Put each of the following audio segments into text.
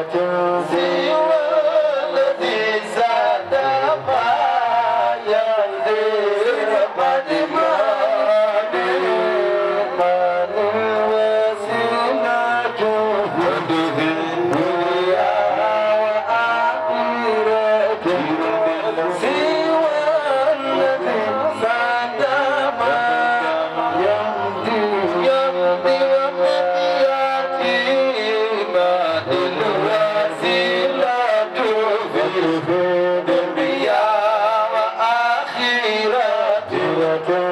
وتنزل Thank you.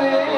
Amen.